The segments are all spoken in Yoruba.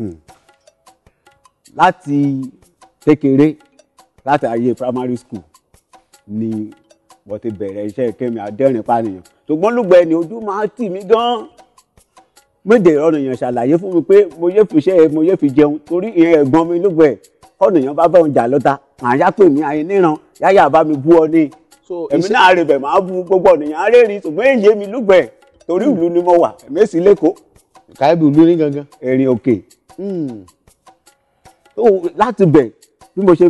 Hmm. láti kékeré láti ayé primary school ni mo ti bẹ̀rẹ̀ iṣẹ́ Kẹ́mi Adẹ́rìnpànìyàn ṣùgbọ́n lùgbẹ́ ni ojú máa tì mí gan-an méde ọ̀nìyàn ṣàlàyé fún mi pé mo yé fi iṣẹ́ mo yé fi jẹun torí ìyẹn ẹ̀gbọ́n mi lùgbẹ́ ọ̀nìyàn bá bá òun jà lọ́ta màá yá pè mí ayé níran yáyà bá mi bú ọ ní èmi náà rè bẹ̀ máa bu gbogbo ọ̀nìyàn arẹ́rì ṣùgbọ́n èyí mi lùgbẹ́ torí ìlú ni mo wà èmi sì lẹ́kọ̀ọ́. kàyébù ìlú gangan. erin òkè Hmm. Oh, láti bẹ̀ bí mo ṣe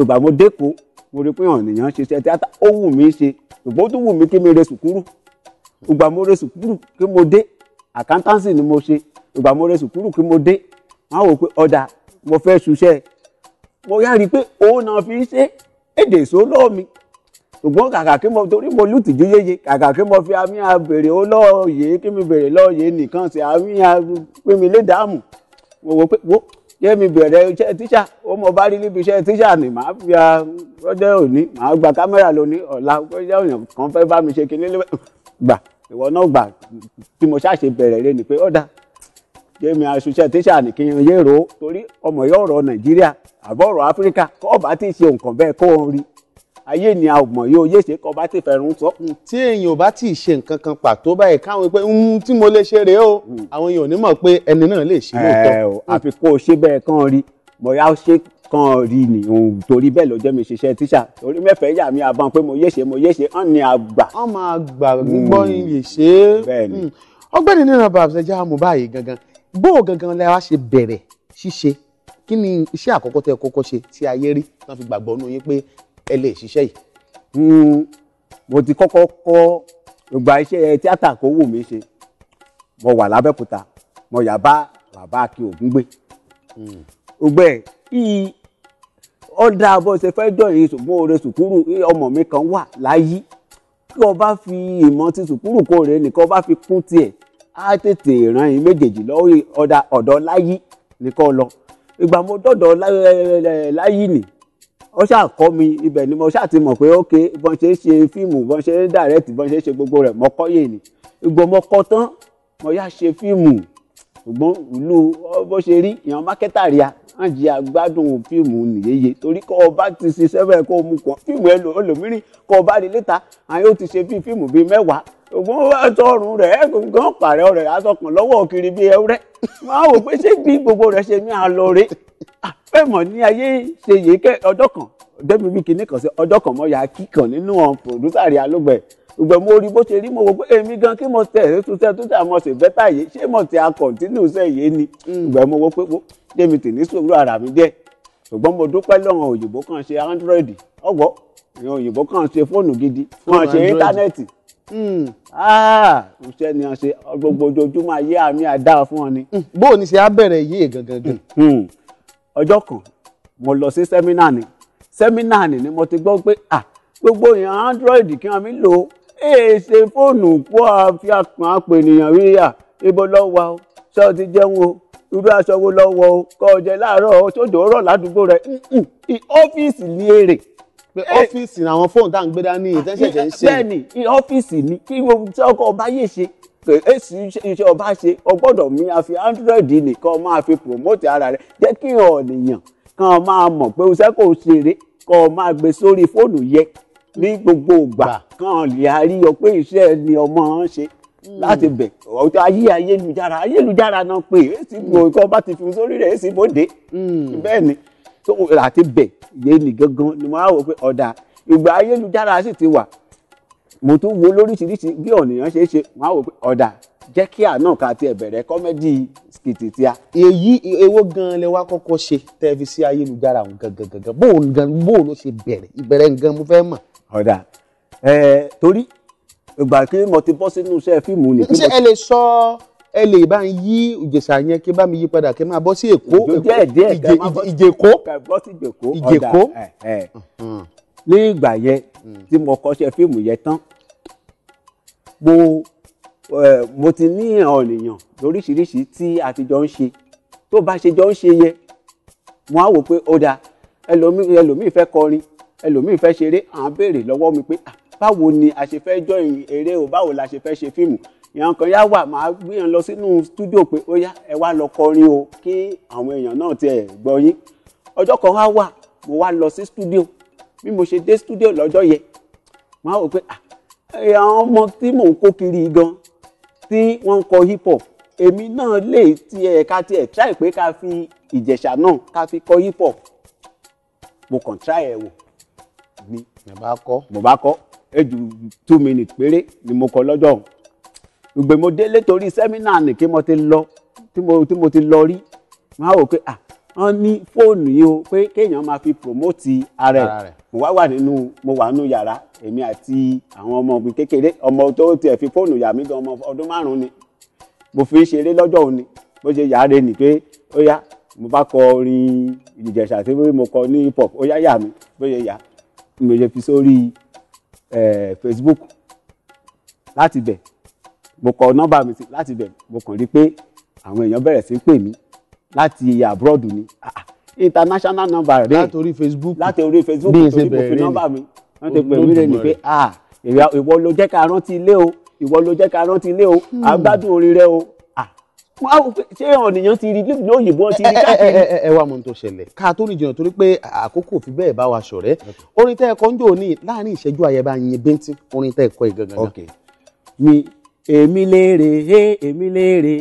ìgbà mo dẹ́kun mo rí pé ọ̀nìyàn ṣe ṣe tíátà ó wù mí ṣe ṣùgbọ́n ó tún wù mí kí mi re sùkúrù ìgbà mo re sùkúrù kí mo dé àkántánsì ni mo ṣe ìgbà mo re sùkúrù kí mo dé wọn á wò pé ọ̀dà mo fẹ́ ṣuṣẹ́ mo yá rí i pé òun náà fi ṣe èdè ìṣóló mi ṣùgbọ́n kàkà kí mo torí mo lùtìjú yéye kàkà kí mo fi àmì àbèrè ó lọ́ọ̀yé kí mi bèrè lọ́ọ̀yé nìkan sí àmì àpè mi lé dààmú mo wò pé wo jẹ́ mi bẹ̀rẹ̀ iṣẹ́ tíṣà ó mọ bá rí níbi iṣẹ́ tíṣà ni màá fi ya lọ́jọ́ òní màá gba kámẹ́rà lóní ọ̀la lọ́jọ́ òyìn kan fẹ́ bá mi ṣe kinní lé gbà ìwọ náà gbà tí mo ṣàṣe bẹ̀rẹ̀ rẹ ni pé ọ̀dà jẹ́ mi aṣoṣẹ́ tíṣà ni kí n yé ro torí ọmọ yóò rọ Nàìjíríà àbọ̀ ọ̀rọ̀ Áfíríkà kọ́ ọ̀bá ti ṣe nǹkan bẹ́ẹ̀ kó o rí ayé ni a mọ̀ yóò yé ṣe kọ́ bá ti fẹ̀rùn sọ. Mm, tí èèyàn ò bá tí ì ṣe nǹkan kan pàtó báyìí káwọn pé ń tí mo lè ṣe rèé o mm. àwọn èèyàn ò ní mọ̀ pé ẹni náà lè ṣe lóòótọ́. ẹ o àfi kó o ṣe bẹ́ẹ̀ kán rí bóyá ó ṣe kán rí ni òun torí bẹ́ẹ̀ ló jẹ́ mi ṣiṣẹ́ tíṣà torí mẹ́fẹ̀ẹ́ yà mí àbọ̀n pé mo yé ṣe mo yé ṣe hàn ní àgbà. wọ́n máa gbà mm. gbọ́ iye ṣe é ọgbẹ́ni nínú bàbá ṣẹjá mo báyìí gangan bó gangan lẹ́wà ṣe bẹ̀rẹ̀ ṣíṣe kí ni iṣẹ́ àkọ́kọ́ tẹ́ kọ́kọ́ ṣe tí ayé rí tán fi gbàgbọ́ nù yín pé ẹ lè ṣiṣẹ́ yìí hmm, mo ti kọ́kọ́ kọ́ gbogbo iṣẹ́ eh, tíátà kó wù mí ṣe mo wà lábẹ́kúta mo yà bá bàbá Akin Ògúngbé hmm, gbogbo ẹ̀ yìí ó dáa bó ṣe fẹ́ jọ yìí ṣùgbọ́n oore sùkúrù ọmọ mi kan wà láyé kí o bá fi ìmọ̀ ti sùkúrù kó rẹ̀ nìkan bá fi kún tiẹ̀ á tètè ràn yín méjèèjì lọ́wọ́ ọ̀dọ̀ láyé nìkan lọ ìgbà mo dọ́dọ̀ eh, láyé nì ó ṣáà kọ́ mi ibẹ̀ ni mo ṣáà ti mọ̀ pé ok bọ́n ṣe ń ṣe fíìmù bọ́n ṣe ń direct bọ́n ṣe ń ṣe gbogbo rẹ̀ mọ́ kọ́yè ni ìgbò mo kọ́ tán mo yá ṣe fíìmù ṣùgbọ́n ìlú bó ṣe rí ìyàn mákẹ́tà rí a wọ́n jí agbádùn fíìmù nìyẹyẹ torí kọ́ ọ bá ti ṣiṣẹ́ bẹ́ẹ̀ kó o mú kàn fíìmù ẹ lòmíràn kọ́ ọ bá rí létà àyè ó ti ṣe bí fíìmù bíi mẹ́wàá ògùn ọtọrùn rẹ̀ gan pàrẹ rẹ̀ asọkàn lọ́wọ́ kiri bíi ẹwúrẹ́ máa wò pé ṣé bí gbogbo rẹ̀ ṣe ní àlọ rẹ̀ fẹ́ mọ̀ ní ayé ṣe yé kẹ́ ọjọ́ kan débi bí kinní kan sí ọjọ́ kan mọ́ ya kíkan nínú ọ̀n pòdúsà rí alógbẹ̀ ìgbẹ́ mo rí bó ṣe rí mo wò pé èmi gan kí mo tẹ̀ ṣe tó tẹ̀ àmọ́ ṣe bẹ́tà yé ṣé mo ti akọ̀ntínú ṣe yé ni ìgbẹ́ mm. mo wò pé wo débi tì ní sùúrù ara mi díẹ̀ ṣùgbọ́n mo dúpẹ́ lọ́wọ́ òyìnbó kan ṣe android ọ̀gbọ́ ìyẹn òyìnbó kan ṣe fóònù gidi kan ṣe íńtánẹ́ẹ̀tì mm. ah, iṣẹ́ ni wọ́n ṣe gbogbo ojoojúmọ́ ayé àmì àdá fún wọn ni. Mm. bó o ní ṣe á bẹ̀rẹ̀ yé gangan gan. Hmm ọjọ́ kan mo lọ sí sẹ́mínà ni sẹ́mínà ni ni mo ti gbọ́ pé à gbogbo èèyàn android kí wọ́n mi lò ó èè ṣe fóònù kó àfi àpọ̀n àpò ènìyàn rí à ibo lọ wà ó ṣé o ti jẹun o irú aṣọ wo lọ wọ o kọ ọjẹ láàárọ̀ o tó dòórọ̀ ládùúgbò rẹ ọ́fíìsì ní èrè pé ọ́fíìsì làwọn fóònù tá à ń gbé dání ìtẹ́sẹ̀jẹ̀ ń ṣe. bẹ́ẹ̀ni ọ́fíìsì ni kí ọkọ̀ ọba yè ṣe èsì eh, iṣẹ́ ọba ṣe ọgbọ́dọ̀ mi a fi hundred nìkan máa fi promote ara rẹ̀ jẹ́ kí ọ̀nìyàn kan máa mọ̀ pé o sẹ́kọ̀ ṣeré kọ́ ọ máa gbé sórí fóònù yẹ ní gbogbo ìgbà kan lè rí ọ pé iṣẹ́ ni ọmọ ń ṣe láti bẹ̀ hmm. ọjọ́ ayé ayélujára ayélujára náà pé èsì nǹkan hmm. bá ti fi sórí rẹ̀ èsì bòde hmm. bẹ́ẹ̀ ni láti bẹ̀ yé ni gangan ni mo á wò pé ọ̀dà ìgbà ayélujára sì ti wà mo tún wo lóríṣiríṣi bí ọ̀nìyàn ṣe é ṣe wọn á wò pé ọ̀dà jẹ́ kí àná ká tiẹ̀ bẹ̀rẹ̀ kọ́mẹ́dì skìtì tí a. èyí èwo gan-an lè wá kọ́kọ́ ṣe tẹ́ẹ̀fì sí ayélujára òun gangan gangan bóun gan bóun ló ṣe bẹ̀rẹ̀ ìbẹ̀rẹ̀ gan mo fẹ́ mọ̀. ọ̀dà ẹ̀ẹ́ torí ìgbà kí mo ti bọ́ sínú iṣẹ́ fíìmù ni. ṣé ẹ lè sọ ẹ lè bá ń yí ìjèṣà yẹn kí bá mi yí padà kí n máa bọ́ sí èkó ìjèkó ìjèkó ọ̀dà mm. ní ìgbà yẹn tí mo kọ́ṣẹ́ fíìmù yẹn tán mo mo ti ní ọ̀nìyàn lóríṣiríṣi tí a ti jọ ń ṣe tó bá ṣe jọ ń ṣe yẹ mo á wò pé ó dáa ẹlòmíì ẹlòmíì fẹ́ kọrin ẹlòmíì fẹ́ ṣeré à ń béèrè lọ́wọ́ mi pé báwo ni a ṣe fẹ́ jọ eré o báwo la ṣe fẹ́ ṣe fíìmù èèyàn kan yá wà máa gbìyàn lọ sínú stúdíò pé ó yá ẹ wá lọ kọrin o kí àwọn èèyàn náà tiẹ̀ gbọ́ yín ọjọ́ kan wá wà mo wá lọ sí stúdíò bí mo ṣe dé stúdíò lọ́jọ́ yẹ máa wò pé ah àwọn ọmọ tí mò ń kó kiri gan tí wọ́n ń kọ hip hop èmi náà lè tiẹ̀ ká tiẹ̀ try pé ká fi ìjẹ̀ṣà náà ká fi kọ hip hop mo kàn try ẹ̀ wò ni mo bá kọ́ mo bá two minutes péré ni mo kọ lọ́jọ́ gbogbo mo délé torí sẹ́mínà ni kí mo ti lọ tí mo tí mo ti lọ rí máa wò pé ah wọ́n ní fóònù yìí o pé kéèyàn máa fi promote ara ẹ̀ mo wá wà nínú mo wà nínú yàrá èmi àti àwọn ọmọ mi kékeré ọmọ tó tiẹ̀ fi fóònù yà mí gan ọmọ ọdún márùn-ún ni mo fi ń ṣeré lọ́jọ́ òní bó ṣe yàrá ni pé ó yá mo bá kọ orin ìjẹ̀ṣà tí mo kọ ní hip hop ó yá yà mí bó ṣe yà mo ṣe fi sórí Facebook láti bẹ̀ mo kọ nọ́mbà mi sí láti bẹ̀ mo kàn rí pé àwọn èèyàn bẹ̀rẹ̀ sí pè mí láti abroad ni ah international number rẹ̀ látòrí facebook látòrí facebook torí mo fi nọ́mbà mi wọ́n ti pè mí rẹ̀ ní pé ah ìwọ ló jẹ́ ká rántí ilé o ìwọ ló jẹ́ ká rántí ilé o àgbádùn hmm. orin rẹ o ṣé ọ̀nìyàn ti rí lóyìnbó òyìnbó ti rí káàkiri. ẹ ẹ wá mọ ohun tó ṣẹlẹ̀ ká tó rìn jìnnà torí pé àkókò fi bẹ́ẹ̀ bá wa ṣọ̀rẹ́ orin tẹ́ ẹ kọ́ ń jò ní láàrin ìṣẹ́jú àyẹ̀bá yín bíntín orin tẹ́ ẹ kọ́ ìgangan. mi èmi léèrè èmi léèrè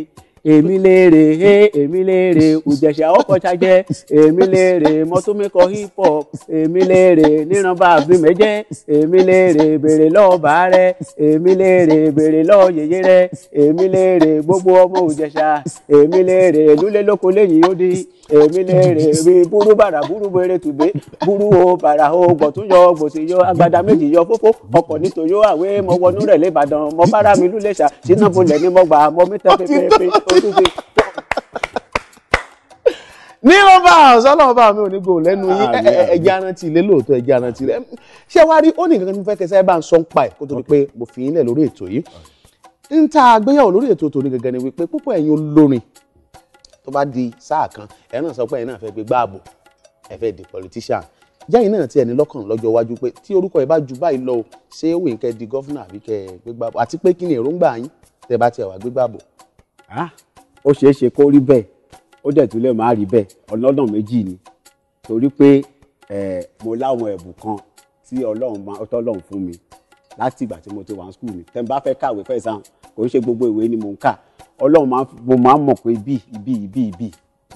èmi léèrè eh, èmi léèrè òjẹ̀ṣẹ̀ àwọ̀kọ̀ṣà jẹ́ èmi léèrè mọ́tòmíkọ hip hop èmi léèrè níranba àbímẹ́jẹ́ èmi léèrè bèrè lọ́ọ́ bàá rẹ èmi léèrè bèrè lọ́ọ́ yèyé rẹ èmi léèrè gbogbo ọmọ òjẹ̀ṣà èmi léèrè lúlélóko lẹ́yìn ó di èmi léèrè bí búrú bàrà búrú bèrè tùbé búrú o bàrà o gbọ̀tún yọ gbòsì yọ agbada méjì yọ fófó ọkọ̀ nítorí àwé mọ̀wọ́nú rẹ̀ lẹ́bàdàn mọ̀ bára mi lúlẹ̀ṣà sínú bolẹ̀ ní mọ̀gbà mọ̀ mí tẹ́ pépépé ní nọ́mbà sọlọ́ọ̀bà mi ò ní gò lẹ́nu yín ẹja arántí ilé lóòótọ́ ẹja arántí ilé ṣé wá rí ó ní nǹkan tó fẹ́ kẹsẹ́ bá ń sọ ń pa ẹ̀ kó tó di pé mo fi yín lẹ̀ lórí ètò yìí ń ta àgbéyẹ̀wò lórí ètò tòní gẹ́gẹ́ ni wípé púpọ̀ ẹ̀yin olórin tó bá di sáà kan ẹ̀ náà sọ pé ẹ̀yin náà fẹ́ gbé gbáàbò ẹ̀ fẹ́ di politician jẹ́yìn náà tiẹ̀ ní lọ́kàn lọ́jọ́ iwájú pé tí orúkọ ẹ̀ bá ju báyìí lọ ṣé ó wù kẹ́ di gọ́fúnà àbí kẹ́ gbégbáàbò àti pé kí ni èròǹgbà yín tẹ́ bá tiẹ̀ wá gbégbáàbò Ah. ó ṣeé ṣe kó rí bẹ́ẹ̀ ó dẹ̀ tún lè má rí bẹ́ẹ̀ ọlọ́nà méjì ni torí pé mo láwọn ẹ̀bùn kan tí ọlọ́run máa tọ́lọ́run fún mi láti ìgbà tí mo ti wà ní skul mi tẹ́ ń bá fẹ́ kàwé fẹ́ sàn kò ń ṣe gbogbo ìwé ni mo ń kà ọlọ́run máa mo máa mọ̀ pé ibi ibi ibi ibi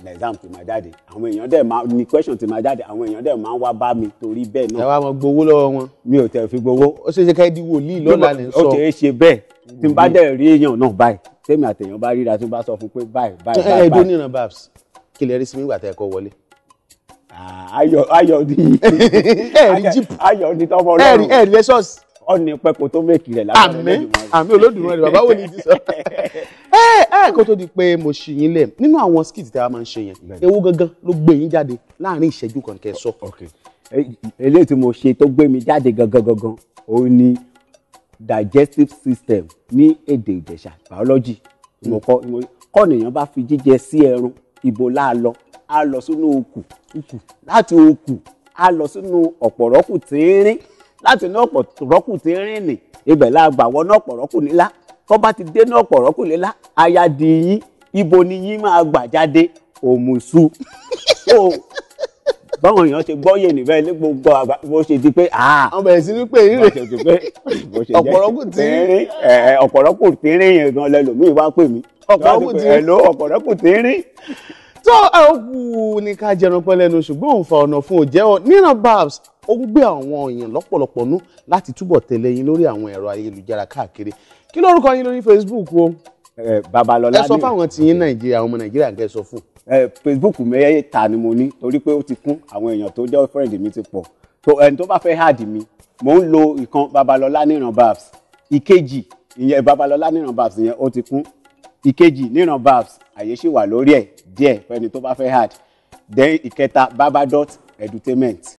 ní exam ti máa jáde àwọn èèyàn dẹ̀ máa ní question ti máa jáde àwọn èèyàn dẹ̀ máa ń wá bá mi torí bẹ́ẹ̀ náà. ẹ wá mọ gbowó lọ́wọ́ wọn. mi ò tẹ̀ fi gbowó. ó ṣeé ṣe ká ẹ di wòlíì lọ́la ní sọ. ó ṣeé ṣe bẹ́ẹ̀ tí n bá dẹ̀ rí èèyàn náà báyìí tèmi àtẹ̀yàn bá ríra tí wọ́n bá sọ fún pé báyìí báyìí báyìí. ẹ ẹ dún níran babs kí lè rí sí mi gbà tẹ ẹ kọ wọlé. ayọ̀ ayọ̀ di ẹẹri jíìpù ayọ̀ di tọmọ Ọlọ́run ẹẹri ẹẹri lẹsọọsì. ọ̀nì pẹ̀kọ̀ tó mẹ́kì rẹ̀ lábẹ́ àmín àmín Olódùmarè bàbá wo ni ti sọ. ẹ ẹ kó tó di pé mo ṣì yín lẹ̀ nínú àwọn skit tí a máa ń ṣe yẹn ewu gangan ló gbé yín jáde láàrin ìṣẹ́jú kan kẹ́ sọ. eléyìí tí mo ṣe tó gbé mi jáde gangan gangan òun ni digestive system ní èdè ìjẹ̀ṣà biology mo hmm. kọ́ kọ́ nìyẹn bá fi jíjẹ sí ẹran ibo la lọ a lọ sínú òkù láti òkù a lọ sínú ọ̀pọ̀rọ́kù tínrín láti inú ọ̀pọ̀rọ́kù tínrín nì ibẹ̀ la gbà wọnú ọ̀pọ̀rọ́kù nílá kọ́ bá ti dé ní ọ̀pọ̀rọ́kù nílá aya di yín ibo ni yín máa gbà jáde òmùsù báwọn èèyàn ṣe gbọ́yè níbẹ̀ ní gbogbo àgbà bó ṣe di pé ah. àwọn bẹ̀rẹ̀ sí ní pé eré ọ̀pọ̀lọ́ kò tíírín. ọ̀pọ̀lọ́ kò tíírín yẹn gan lẹ́lòmíì wá pè mí. ọ̀pọ̀lọ́ kò tíírín. tó ẹ̀kú ni ká jẹran pẹ́ lẹ́nu ṣùgbọ́n òun fa ọ̀nà fún òjẹ́ ọ Nina Babs ó ń gbé àwọn èèyàn lọ́pọ̀lọpọ̀ nú láti túbọ̀ tẹ̀lé yín lórí àwọn ẹ̀rọ ayélujára káàkiri kí lórúkọ yín lórí Facebook o. Babalọlá ni ẹ sọ fáwọn tí yín Nàìjíríà ọmọ Nàìjíríà gẹ sọ fún un. Eh, facebook mẹ́ta eh, ni mo ní torí pé ó ti kún àwọn èèyàn tó jẹ́ friend mi ti pọ̀ so ẹni tó bá fẹ́ hard mi mò ń lo ìkan babalọlá níran babs ìkejì ìyẹn babalọlá níran babs ìyẹn ó ti kún ìkejì níran babs àyè ṣì wà lórí ẹ̀ díẹ̀ fẹ́ni tó bá fẹ́ hard then ìkẹta babadot edutainment